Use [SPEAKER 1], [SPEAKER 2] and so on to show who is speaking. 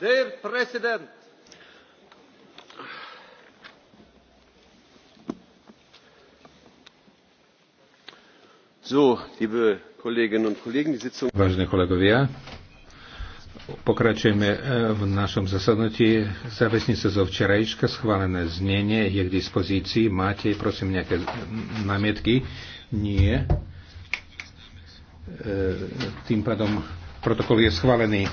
[SPEAKER 1] Dear President,
[SPEAKER 2] so, liebe Kolleginnen und Kollegen, die Sitzung. Vážení
[SPEAKER 3] kolegovia, Pokračujeme e, v našom zasadnutí. Zápisnice zo včerajška, schválené znenie je k dispozícii. Máte, prosím, nejaké námietky? Nie. E, tým pádom protokol je schválený.